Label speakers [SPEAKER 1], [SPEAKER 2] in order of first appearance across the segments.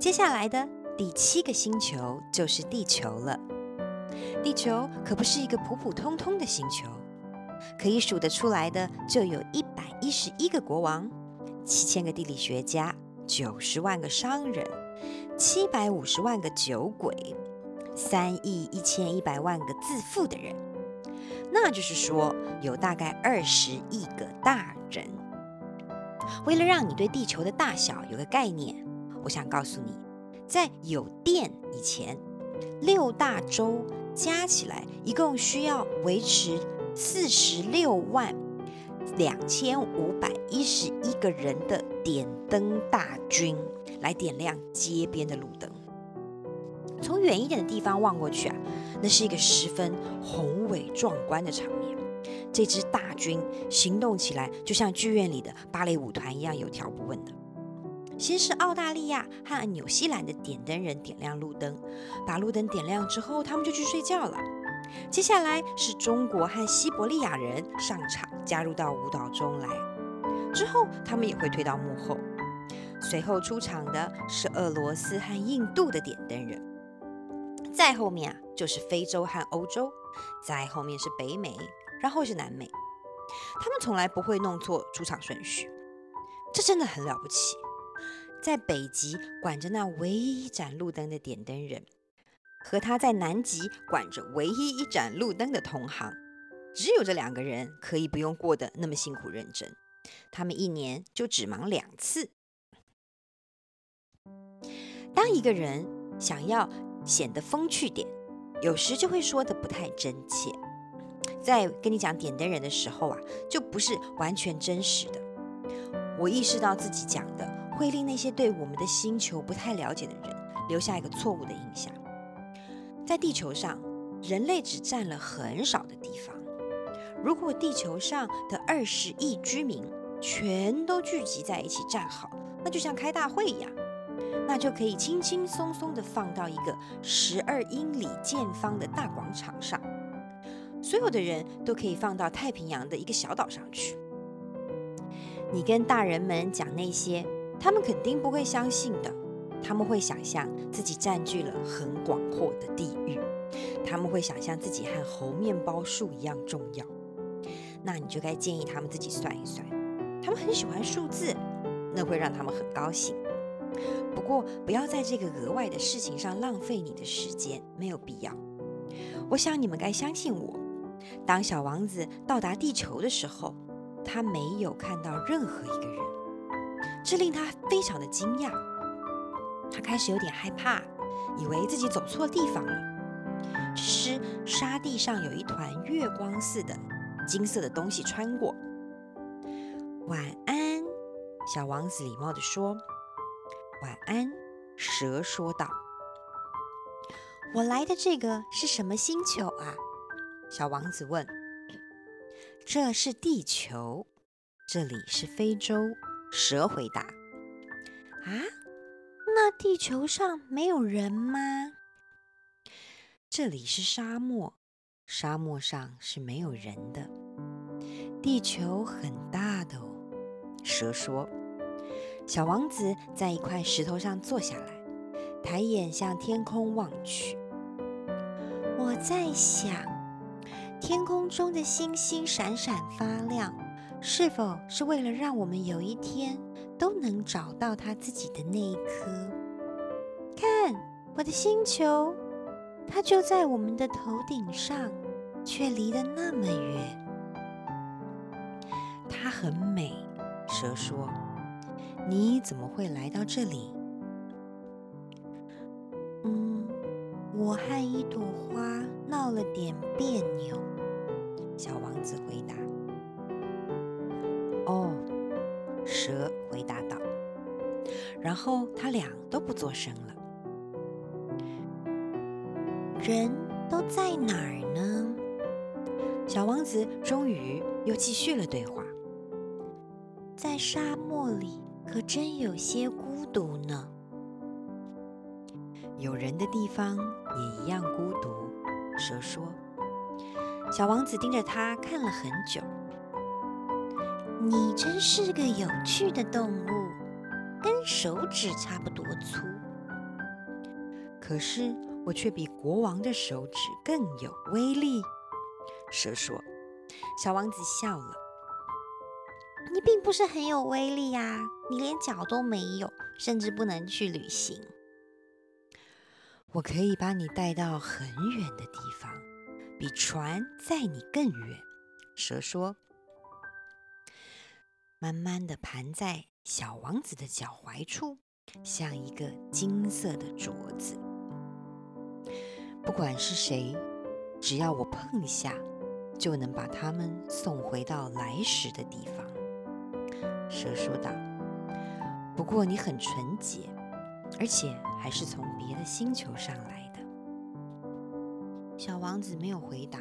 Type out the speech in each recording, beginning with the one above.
[SPEAKER 1] 接下來的第七個星球就是地球了。地球可不是一個普普通通的星球，可以數得出來的就有一百一十一個國王、七千個地理學家、九十萬個商人、七百五十萬個酒鬼、三億一千一百萬個自負的人。那就是說，有大概二十億個大人。為了讓你對地球的大小有個概念。我想告訴你，在有電以前，六大洲加起來一共需要維持四十六萬兩千五百一十一個人的點燈大軍來點亮街邊的路燈。從遠一點的地方望過去啊，那是一個十分宏偉壯觀的場面。這支大軍行動起來，就像劇院裡的芭蕾舞團一樣有條不紊的。先是澳大利亞和紐西蘭的點燈人點亮路燈，把路燈點亮之後，他們就去睡覺了。接下來是中國和西伯利亞人上場，加入到舞蹈中來。之後他們也會退到幕後。隨後出場的是俄羅斯和印度的點燈人，再後面啊就是非洲和歐洲，再後面是北美，然後是南美。他們從來不會弄錯出場順序，這真的很了不起。在北極管着那唯一一盞路燈的點燈人，和他在南極管着唯一一盞路燈的同行，只有這兩個人可以不用過得那麼辛苦認真。他們一年就只忙兩次。當一個人想要顯得風趣點，有時就會說得不太真切。在跟你講點燈人的時候啊，就不是完全真實的。我意識到自己講的。會令那些對我們的星球不太了解的人留下一個錯誤的印象。在地球上，人類只占了很少的地方。如果地球上的二十億居民全都聚集在一起站好，那就像開大會一樣，那就可以輕輕鬆鬆地放到一個十二英里見方的大廣場上。所有的人都可以放到太平洋的一個小島上去。你跟大人們講那些，他們肯定不會相信的，他們會想象自己占據了很廣闊的地域，他們會想象自己和猴麵包樹一樣重要。那你就該建議他們自己算一算，他們很喜歡數字，那會讓他們很高興。不過不要在這個額外的事情上浪費你的時間，沒有必要。我想你們該相信我。當小王子到達地球的時候，他沒有看到任何一個人。這令他非常的驚訝，他開始有點害怕，以為自己走錯地方了。這時沙地上有一團月光似的金色的東西穿過。“晚安。”小王子禮貌地說。“晚安。”蛇說道。“我來的這個是什麼星球啊？”小王子問。“這是地球，這裡是非洲。”蛇回答：“啊，那地球上沒有人嗎？這裡是沙漠，沙漠上是沒有人的。地球很大的哦。”蛇說。小王子在一塊石頭上坐下來，抬眼向天空望去。我在想，天空中的星星閃閃發亮。是否是為了讓我們有一天都能找到他自己的那一顆？看，我的星球，它就在我們的頭頂上，卻離得那麼遠。它很美，蛇說：“你怎麼會來到這裡？”“嗯，我和一朵花鬧了點彆扭。”小王子回答。哦，蛇回答道。然後他倆都不作聲了。人都在哪兒呢？小王子終於又繼續了對話。在沙漠裡可真有些孤獨呢。有人的地方也一樣孤獨，蛇說。小王子盯着他看了很久。你真是個有趣的動物，跟手指差不多粗。可是我卻比國王的手指更有威力。”蛇說。小王子笑了：“你並不是很有威力呀，你連腳都沒有，甚至不能去旅行。我可以把你帶到很遠的地方，比船載你更遠。”蛇說。慢慢的盤在小王子的腳踝處，像一個金色的鐲子。不管是誰，只要我碰一下，就能把他們送回到來時的地方。蛇說道：“不過你很純潔，而且還是從別的星球上來的。”小王子沒有回答。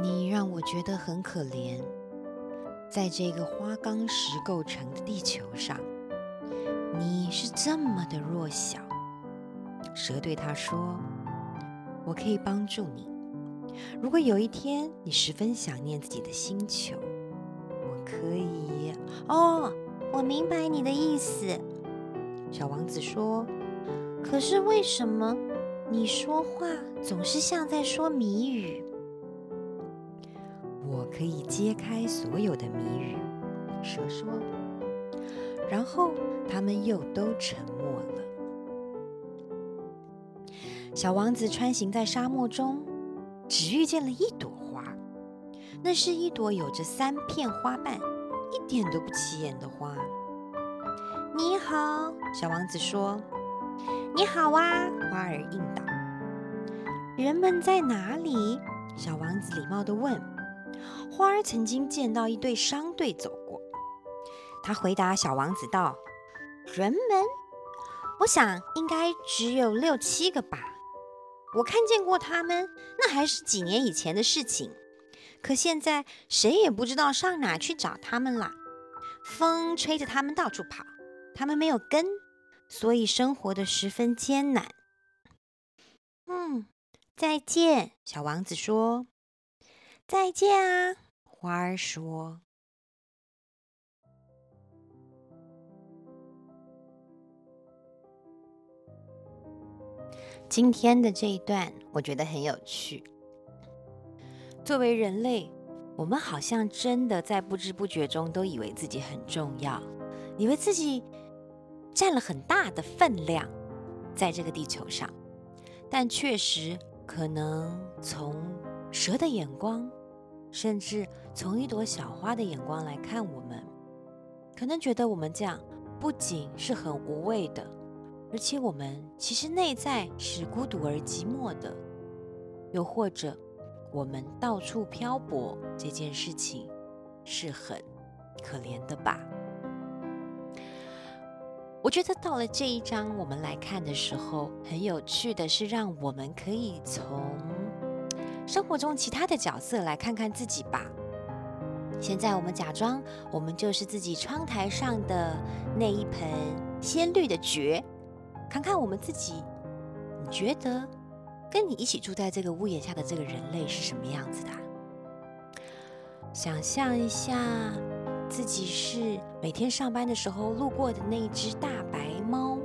[SPEAKER 1] 你讓我覺得很可憐。在這個花崗石構成的地球上，你是這麼的弱小。蛇對他說：“我可以幫助你。如果有一天你十分想念自己的星球，我可以……哦，oh, 我明白你的意思。”小王子說：“可是為什麼你說話總是像在說謎語？”可以揭開所有的謎語，蛇說。然後他們又都沉默了。小王子穿行在沙漠中，只遇見了一朵花，那是一朵有着三片花瓣、一點都不起眼的花。你好，小王子說。你好啊，花兒應道。人們在哪裡？小王子禮貌地問。花兒曾經見到一隊商隊走過，他回答小王子道：“人們，我想應該只有六七個吧。我看見過他們，那還是幾年以前的事情。可現在誰也不知道上哪去找他們了。風吹着他們到處跑，他們沒有根，所以生活得十分艱難。”嗯，再見，小王子說。再見啊，花兒說。今天的這一段我覺得很有趣。作為人類，我們好像真的在不知不覺中都以為自己很重要，以為自己占了很大的分量在這個地球上。但確實，可能從蛇的眼光，甚至從一朵小花的眼光來看我們，可能覺得我們這樣不僅是很無味的，而且我們其實內在是孤獨而寂寞的。又或者，我們到處漂泊這件事情是很可憐的吧？我覺得到了這一章，我們來看的時候，很有趣的是，讓我們可以從生活中其他的角色，來看看自己吧。現在我們假裝我們就是自己窗台上的那一盆鮮綠的蕨，看看我們自己。你覺得跟你一起住在這個屋檐下的這個人類是什麼樣子的啊？想象一下自己是每天上班的時候路過的那一隻大白貓。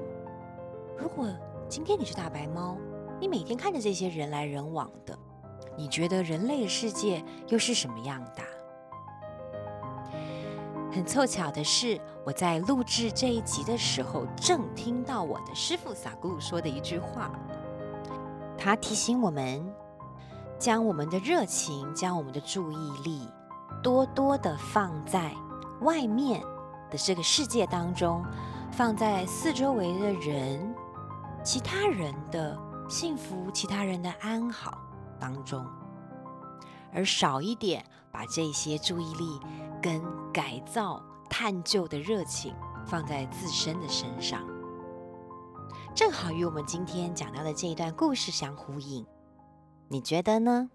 [SPEAKER 1] 如果今天你是大白貓，你每天看着這些人來人往的。你覺得人類的世界又是什麼樣的？很湊巧的是，我在錄製這一集的時候，正聽到我的師傅薩古魯說的一句話。他提醒我們，將我們的熱情，將我們的注意力，多多的放在外面的這個世界當中，放在四周圍的人，其他人的幸福，其他人的安好。當中，而少一點把這些注意力跟改造、探究的熱情放在自身的身上，正好與我們今天講到的這一段故事相呼應，你覺得呢？